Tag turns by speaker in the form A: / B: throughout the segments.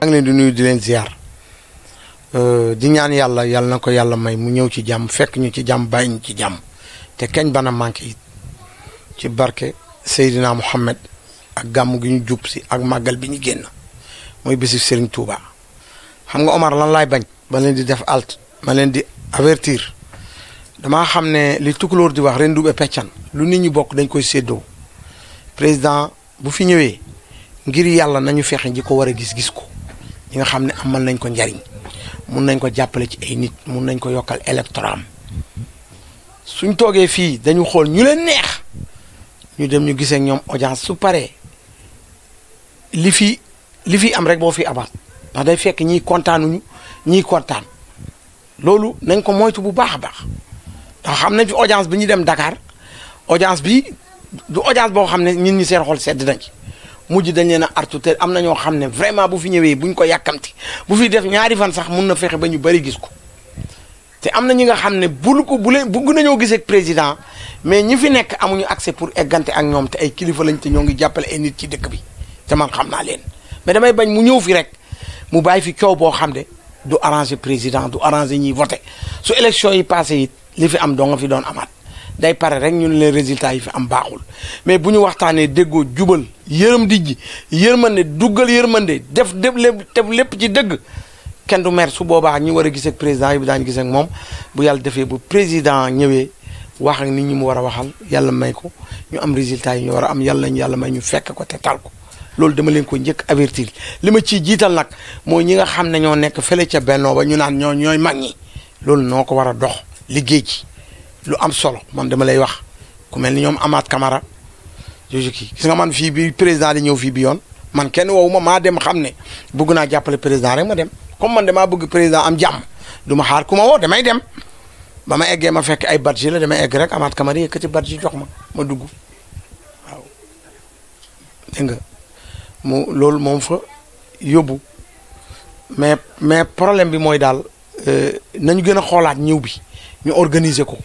A: maa leen di nuyu di leen ziar euh, di ñaan yàlla yàlla na ko yàlla may mu ñëw ci jàmm fekk ñu ci jàmm bàyyi ñu ci jàmm te kañ bana manqué it ci barke Seydina Mohamed ak gàmm gi ñu jub si ak màggal bi ñu génn mooy bisi Serigne Touba xam nga Omar lan laay bañ ba leen di def alt ma leen di avertir dama xam ne li tukulóor di wax ren dube peccan lu nit ñu bokk dañ koy séddoo président bu fi ñëwee ngir yàlla nañu fexe ji ko war a gis gis ko ñi nga xam ne amal nañ ko njariñ mun nañ ko jàppale ci ay nit mun nañ ko yokkal électorat am suñ toogee fii dañu xool ñu leen neex ñu dem ñu gisee ñoom audience su paree li fi li fi am rek boo fi abaat ndax day fekk ñiy kontaanuñu ñiy kontaan loolu nañ ko moytu bu baax a baax ndax xam nañ fi audience bi ñu dem Dakar audience bi du audience boo xam ne ñun ñi seen xol sedd nañ mujj dañ leen a artu te am na ñoo xam ne vraiment bu fi ñëwee buñ ko yàkkamti bu fi def ñaari fan sax mun na fexe ba ñu bëri gis ko te am na ñi nga xam ne bul ko bu leen bugg nañoo gisee ak président mais ñi fi nekk amuñu accès pour eggante ak ñoom te ay kilifa lañ te ñoo ngi jàppale ay nit ci dëkk bi te man xam naa leen mais damay bañ mu ñëw fi rek mu bàyyi fi coow boo xam ne du arranger président du arranger ñiy voté su élection yi passé it li fi am doo nga fi doon amaat. day pare rek ñun leen résultat yi fi am baaxul mais bu ñu waxtaanee déggoo jubal yërëm di ji yërmande duggal yërmande def def lépp def lépp ci dëgg kenn du mer boobaa ñu war a gis président yi daañu gis moom bu yàlla defee bu président ñëwee wax ak nit ñi mu war a waxal yàlla may ko ñu am résultat yi ñu war a am yàlla ñu yàlla may ñu fekk ko te tal ko loolu dama leen ko njëkk avertir li ma ciy jiital nag mooy ñi nga xam ne ñoo nekk fële ca bennoo ba ñu naan ñoo ñooy mag ñi loolu noo ko war a dox liggéey ci lu am solo man dama lay wax ku mel ni ñoom Amath Camara jooju kii gis nga man fii bi président di ñëw fii bi yoon man kenn woowu ma maa dem xam ne bugg naa jàppale président rek ma dem comme man demaa bëgg président am jàmm du ma xaar ku ma woo damay dem ba ma eggee ma fekk ay badge la damay egg rek Amath Camara yëkkati badge jox ma ma dugg waaw dégg nga mu loolu moom fa yóbbu mais mais problème bi mooy daal euh, nañu gën a xoolaat ñëw bi ñu organiser ko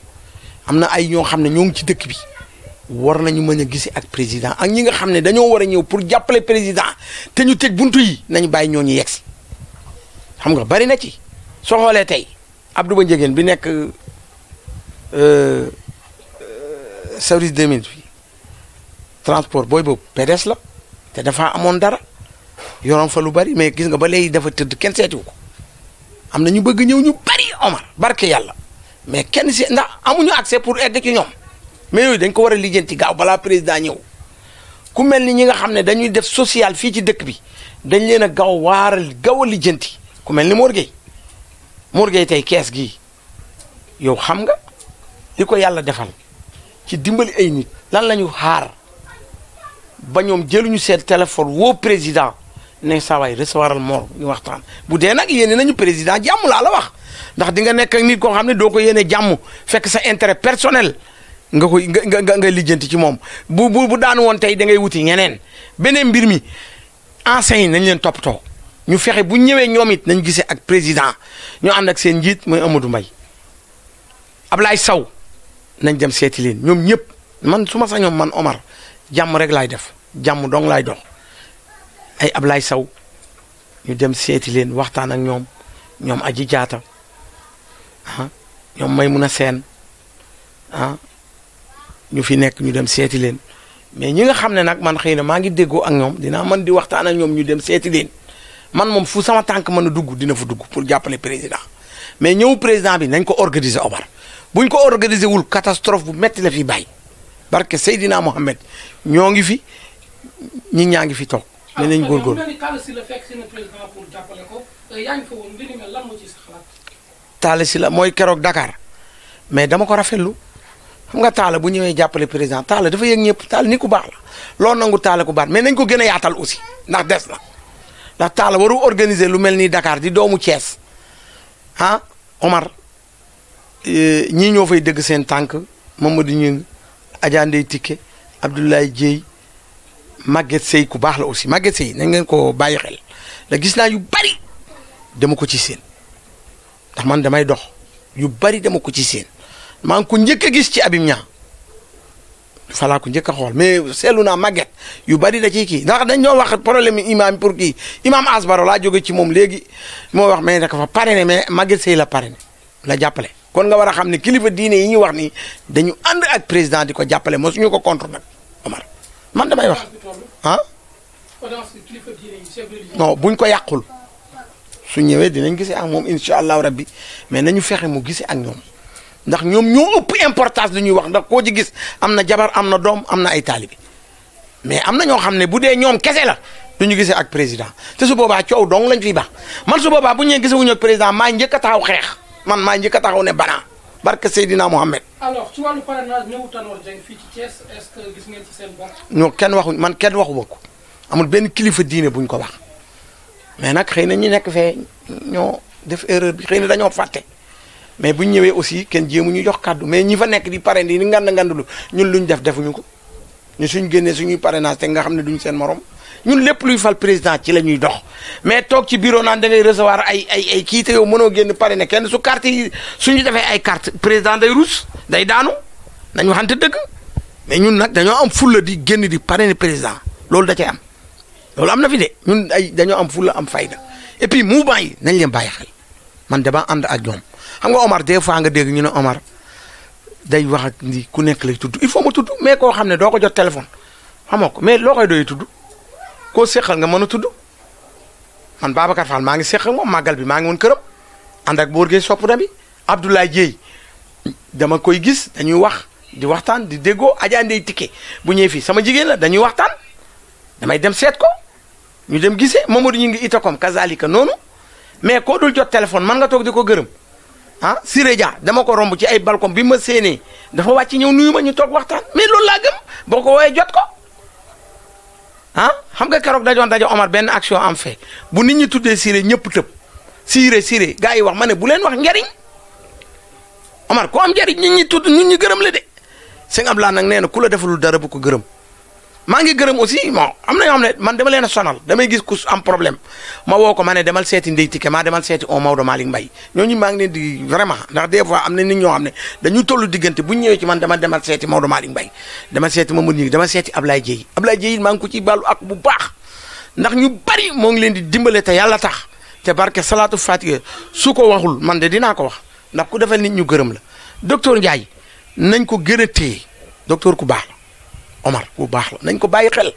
A: amna ay ñoo xamne ne ñoo ngi ci dëkk bi war nañu mëna gisi ak président ak ñi nga xamne ne dañoo war a ñëw pour jappalé président té ñu tej buntu yi nañu bay ñoo ñu yexi xam nga bari na ci so xolé tay Abdou Ba bi nekk euh, euh, service deux transport boy bob PDS la té dafa amoon dara yoron fa lu bari mais gis nga ba léegi dafa teud kenn sétu ko amna ñu bëgg ñëw ñu bari Omar barké yalla mais kenn si ndax amuñu accès pour egg ci ñoom mais yooyu dañ ko war a lijjanti gaaw balaa président ñëw ku mel ni ñi nga xam ne dañuy def social fii ci dëkk bi dañ leen a gaaw waaral gaaw a lijjanti ku mel ni Mor Gueye Mor Gueye tey kees gi yow xam nga li ko yàlla defal ci dimbali ay nit lan la ñu xaar ba ñoom jëluñu seen téléphone woo président ne saa waay recevoiral Mor ñu waxtaan bu dee nag na ñu président ji laa la wax. ndax di nga nekk ak nit ko xam ne doo ko yéene jàmm fekk sa intérêt personnel nga koy nga nga nga lijjanti ci moom bu bu daan woon tey da ngay wuti ñeneen beneen mbir mi yi nañ leen toppatoo ñu fexe bu ñëwee ñoom it nañ gisee ak président ñu ànd ak seen njiit mooy Amadou Mbaye Ablaye Sow nañ dem seeti leen ñoom ñëpp man suma ma sañoon man Omar jàmm rek laay def jàmm dong laay dox ay Ablaye saw ñu dem seeti leen waxtaan ak ñoom ñoom aji jaata ah ñoom may mun a seen ah ñu fi nekk ñu dem seeti leen mais ñi nga xam ne nag man xëy na maa ngi déggoo ak ñoom dinaa man di waxtaan ak ñoom ñu dem seeti leen man moom fu sama tànk mën a dugg dina fa dugg pour jàppale président mais ñëw président bi nañ ko organiser Omar buñ ko organiser wul catastrophe bu metti la fi bàyyi barke Seydina Mohamed ñoo ngi fi ñi ñaa ngi fi toog. nañ góorgóorlu ah, taala si la mooy keroog dakaar mais dama ko rafetlu xam nga taala bu ñëwee jàppale président taala dafa yëg ñëpp taala ni ku baax loo nangu taale ku baax mais nañ ko gën a yaatal aussi ndax des na ndax taala waru organiser lu mel nii dakaar di doomu Thiès ah Omar eh, ñii ñoo fay dëgg seen tànk Mamadou Ñing Adja Ndeye Tické Abdoulaye Dieye Maguette Sey ku baax la aussi Maguette Sey nañ ngeen ko bàyyi xel la gis naa yu bari dama ko ci seen ndax man damay dox yu bari dama ko ci seen maa ngi ko njëkk a gis ci abim ñaa falaa ku njëkk a xool mais seetlu naa màgget yu bari da ciy kii ndax dañ ñoo wax problème yi imaam pour kii imaam asbaro laa jóge ci moom léegi moo wax mais dafa parrainé mais màgget sëy la parrainé la jàppale kon nga war a xam ne kilifa diine yi ñuy wax ni dañu ànd ak président di ko jàppale moo suñu ko contre nag man damay wax ah non buñ ko yàqul su ñëwee dinañ gisee ak moom incha allahu rabbi mais nañu fexe mu gisee ak ñoom ndax ñoom ñoo ëpp importance lu ñuy wax ndax koo ci gis am na jabar am na doom am na ay taalibi mais am na ñoo xam ne bu dee ñoom kese la du ñu gisee ak président te su boobaa coow dong lañ fiy baax man su boobaa bu ñu gisee wuñu ak président maa njëkk a taxaw xeex man maa njëkk a taxaw ne banaa barke Seydina Mohamed. alors ci wàllu parrainage ñëw Tanor Dieng kenn waxuñ man kenn waxuma ko amul benn kilifa diine buñ ko wax. mais nag xëy na ñi nekk fee ñoo def erreur bi xëy na dañoo fàtte mais bu ñëwee aussi kenn jéemu ñu jox kàddu mais ñi fa nekk di parrain di ni ngand ngandulu ñun luñ def defuñu ko ñu suñ génnee suñuy parrainage te nga xam ne duñ seen morom ñun lépp luy fal président ci la ñuy dox mais toog ci bureau naan da ngay ay ay ay kii te génn pare génn kenn su carte yi suñu defee ay carte président day ruus day daanu nañ waxante dëgg mais ñun nag dañoo am fulla di génn di parrainé président loolu da am lolu amna na fi de ñun ay dañoo am fulla am fayda et puis mu yi nañ leen bàyyi xel man dama and ak ñom xam nga Omar des fois nga dégg ñu ne Omar day wax ak ni ku nekk lay tuddu il faut ma tuddu mais ko xam do ko jot téléphone xamoko mais lo koy doy tuddu ko seqal nga mëna tuddu man babakar Fall ma ngi seqal mo magal bi ma ngi won kërëm and ak Bourgué sopp dami Abdoulaye Dieye dama koy gis dañuy wax di waxtan di Adja bu ñëw fi sama jigéen la dañuy waxtan damay dem ko. ñu dem gisee Mamadou ñu ngi itakom ka noonu mais koo dul jot téléphone man nga toog di ko gërëm ah Siré Dia dama ko romb ci ay balcon bi ma séenee dafa wàcc ñëw nuyu ma ñu toog waxtaan mais loolu laa gëm boo ko woowee jot ko ah xam nga keroog dajoon daje Omar benn action am fee bu nit ñi tuddee sire ñëpp tëb Siré Siré gars yi wax ma ne bu leen wax njariñ Omar ko am njariñ nit ñi tudd nit ñi gërëm la de sëñ Abdoulaye nag nee na ku la defalul dara bu ko gërëm. maa ngi gërëm aussi bon am na ñoo am ne man dama leen a sonal damay gis ku am problème ma woo ko ma ne demal seeti Ndeye Tické maa demal seeti on Maodo Malick Mbaye ñooñu maa ngi leen di vraiment ndax des fois am na nit ñoo xam ne dañu toll diggante bu ñëwee ci man dama demal seeti Maodo Malick Mbaye dama seeti Mamadou Ngingue dama seeti Ablaye Dieye Ablaye Dieye maa ngi ko ciy baalu ak bu baax ndax ñu moo ngi leen di dimbale te yàlla tax te barke salaatu fatiha su ko waxul man de dinaa ko wax ndax ku defal nit ñu gërëm la docteur Ndiaye nañ ko gën a téye docteur ku baax Omar bu baax la nañ ko bàyyi xel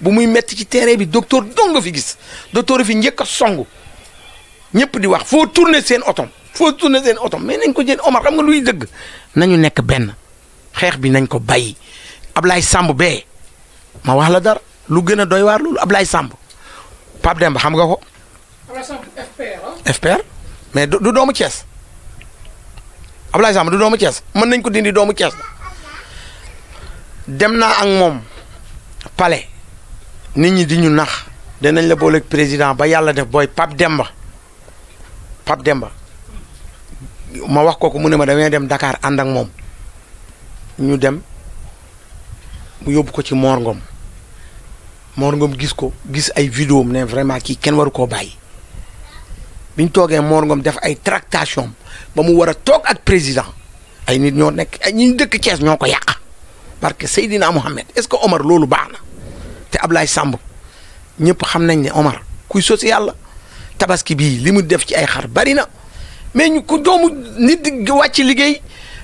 A: bu muy metti ci terrain bi docteur dong nga fi gis docteur fi njëkk a songu ñëpp di wax foo tourner seen otom foo tourner seen otom mais nañ ko jël Omar xam nga luy dëgg nañu nekk benn xeex bi nañ ko bàyyi Ablaye Samb bee ma wax la dara lu gën a doy waar loolu Ablaye Samb Pape Demba xam nga ko. FPR ah. FPR mais du doomu Thiès Ablaye Samb du doomu Thiès mën nañ ko dindi doomu Thiès dem naa ak moom pale nit ñi di ñu nax danañ la booleeg président ba yàlla def booy Pape Demba Pape Demba ma wax ko ko mu ne ma damay dem Dakar ànd ak moom ñu dem mu yóbbu ko ci Mor Ngom Mor Ngom gis ko gis ay vidéo ne vraiment kii kenn waru koo bàyyi bi ñu toogee Mor Ngom def ay tractation ba mu war a toog ak président ay nit ñoo nekk ay ñi dëkk Thiès ñoo ko yàq. parce que Seydina Mohamed est-ce que Omar loolu baax na te Ablaye Samb ñëpp xam nañ ne Omar kuy social la tabaski bii li mu def ci ay xar bari na mais ñu ku doomu nit di wàcc liggéey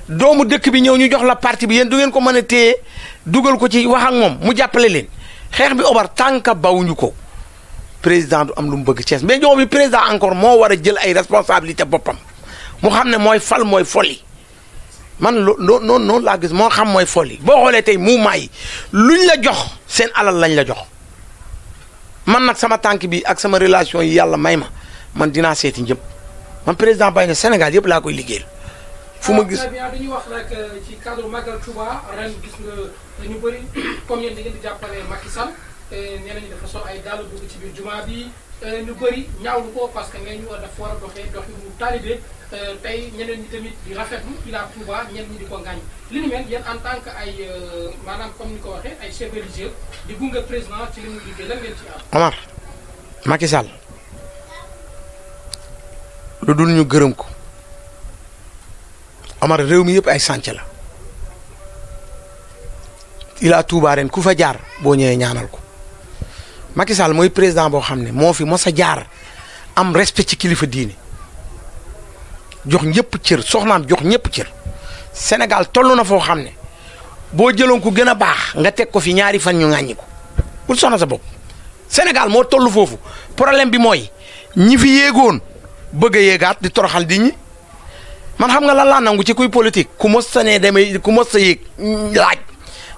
A: doomu dëkk bi ñëw ñu jox la parti bi yéen du ngeen ko mën a téye dugal ko ci wax ak moom mu jàppale leen xeex bi Omar tànka bawuñu ko président du am lu mu bëgg Thiès mais ñoo bi président encore moo war a jël ay responsabilité boppam mu xam ne mooy fal mooy folli man loo loo noonu laa gis moo xam mooy fol boo xoolee tey mouvement yi luñ la jox seen alal lañ la jox man nag sama tànk bi ak sama relation yi yàlla may ma man dinaa seeti ñëpp man président Baye ne Sénégal yëpp laa koy liggéeyal. fu ma gis dañuy wax rek euh, ci cadre nga ñu bëri comme yéen da di jàppale Macky Sall nee nañu dafa sol ay dàll dugg ci biir jumaa bi. ñu euh, bari ñaawlu ko parce que ngay ñu dafa war a doxee doxi mu talibé euh, tey ñeneen ñi tamit di rafetlu ila touba ñeneen ñi di ko ngaañ li ni mel yéen en tant que ay euh, maanaam comme ni ko waxee ay chef religieux di gunge président ci li mu liggéey lan ngeen ci am amar Macky Sall lu dul ñu gërëm ko amar réew mi yëpp ay sànc la a touba ren ku fa jaar boo ñëwee ñaanal ko Macky Sall mooy président boo xam ne moo fi mos a jaar am respect ci kilifa diine jox ñëpp cër soxnaam jox ñëpp cër Sénégal toll na foo xam ne boo jëloon ko gën a baax nga teg ko fi ñaari fan ñu ŋàññi ko bul soxna sa bopp Sénégal moo toll foofu problème bi mooy ñi fi yéegoon bëgg a yéegaat di toroxal di ñi man xam nga lan laa nangu ci kuy politique ku mos sa ne demee ku mos sa yéeg mm, laaj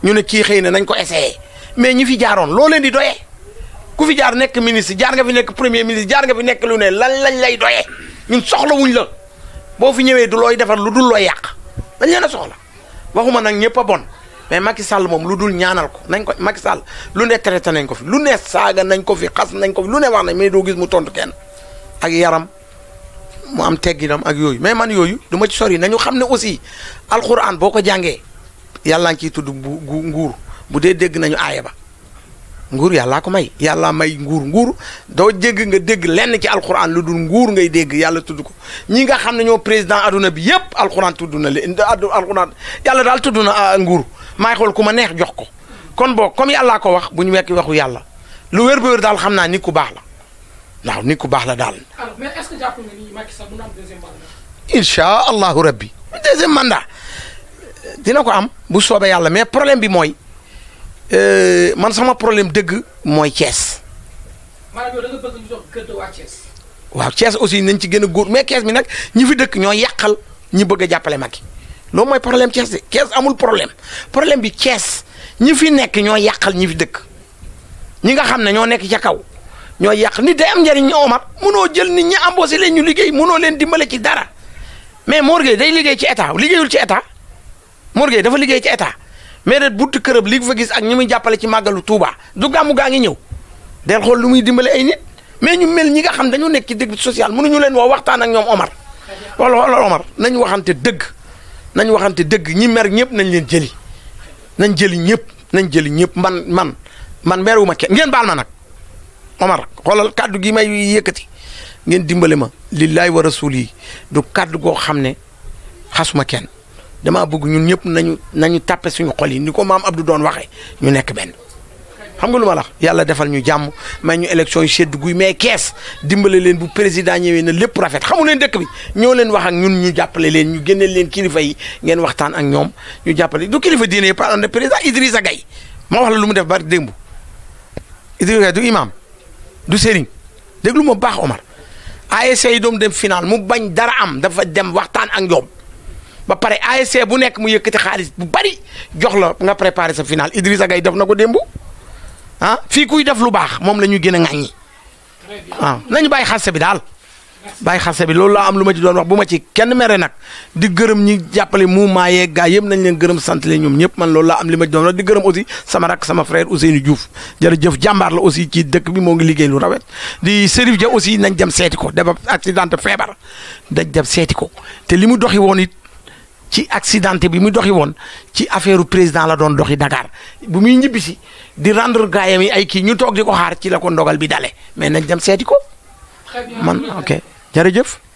A: ñu ne kii xëy na nañ ko essayé mais ñi fi jaaroon loo leen di doyee. ku fi jaar nekk ministre jaar nga fi nekk premier ministre jaar nga fi nekk lu ne lan lañ lay doyee ñun soxla wuñ la boo fi ñëwee du looy defar lu dul looy yàq dañ leen a soxla waxuma nag ñëpp a bon mais Macky Sall moom lu dul ñaanal ko nañ ko Macky Sall lu ne traité nañ ko fi lu ne saaga nañ ko fi xas nañ ko fi lu ne wax nañ mais gis mu tontu kenn ak yaram mu am tegginam ak yooyu mais man yooyu du ma ci sori nañu xam ne aussi alxuraan boo ko jàngee ngi ciy bu nguur bu dee dégg nañu aaya ba nguur yàllaa ko may yàllaa may nguur nguur doo jégg nga dégg lenn ki alxuraan lu dul nguur ngay dégg yàlla tudd ko ñi nga xam ne ñoo président aduna bi yépp alxuraan tudd na leen alxuraan yàlla daal tudd na ah, nguur maay xool ku ma neex jox ko kon boo comme yàllaa ko wax bu ñu wekk waxu yàlla lu wér ba wér daal xam naa nit ku baax la waaw nit ku baax la daal. alors mais est-ce que am deuxième mandat. incha allahu rabbi deuxième mandat dina ko am bu soobee yàlla mais problème bi mooy. Euh, man sama problème dëgg mooy cees maanaam da nga bëgg waaw Thiès aussi nañ ci gën a góor mais kees bi nag ñi fi dëkk ñoo yàqal ñi bëgg a jàppale Macky loo mooy problème Thiès de Thiès amul problème problème bi cees ñi fi nekk ñoo yàqal ñi fi dëkk ñi nga xam ne ñoo nekk ca kaw ñoo yàq ni day am njëriñ ñu Omar mënoo jël nit ñi embauché leen ñu liggéey mënoo leen dimbale ci dara mais Mor Gueye day liggéey ci état liggéeyul ci état Mor dafa liggéey ci état. mais de buntu kërëb li fa gis ak ñi muy jappalé ci magalu Touba du gamu gaangi ñew del xol lu muy dimbalé ay nit mais ñu mel ñi nga xam dañu nekk ci deug social ñu leen wo waxtaan ak ñom Omar wala wala Omar nañ waxante deug nañ waxante deug ñi mer ñëpp nañ leen jëli nañ jëli ñëpp nañ jëli ñëpp man man man meruma kenn ngeen baal ma nak Omar xolal kaddu gi may yëkëti ngeen dimbalé ma lillahi wa rasuli du kaddu go xamne xasuma kenn damaa bëgg ñun ñëpp nañu nañu tàppe suñu xol yi ni ko maam Abdou doon waxee ñu nekk benn. xam nga lu ma yàlla defal ñu jàmm may ñu élection yu sedd guy mais kees dimbale leen bu président ñëwee na lépp rafet xamu leen dëkk bi ñoo leen wax ak ñun ñu jàppale leen ñu génneel leen kilifa yi ngeen waxtaan ak ñoom ñu jàppale du kilifa diine yëpp and ak président Idrissa Gaye ma wax la lu mu def bari démb Idrissa Gaye du imam du sëriñ déglu ma baax Omar ASC yi doom dem final mu bañ dara am dafa dem waxtaan ak ñoom. ba pare ASC bu nekk mu yëkkati xaalis bu bari jox la nga préparé sa final Idrissa Gueye def na ko démb ah fii kuy def lu baax moom la ñu gën a ŋàññi waaw ah, nañu bàyyi xase bi daal bàyyi xase bi loolu laa am lu ma ci doon wax bu ma ci kenn mere nag di gërëm ñi jàppale mouvement yeeg gaa yëpp nañ leen gërëm sant leen ñoom ñëpp man loolu laa am li ma ci doon wax di gërëm aussi sama rak sama frère Ousseynou Diouf jërëjëf la aussi ci dëkk bi moo ngi liggéey lu rawet di Serif Dia aussi nañ dem seeti ko dafa accident feebar dañ dem seeti ko te li mu doxi woon it ci accidenté bi mu doxi woon ci affaire président la doon doxi Dakar bu muy ñibbisi di rendre gaayam yi ay kii ñu toog di ko xaar ci la ko ndogal bi dale mais nañ dem seeti ko man ok jërëjëf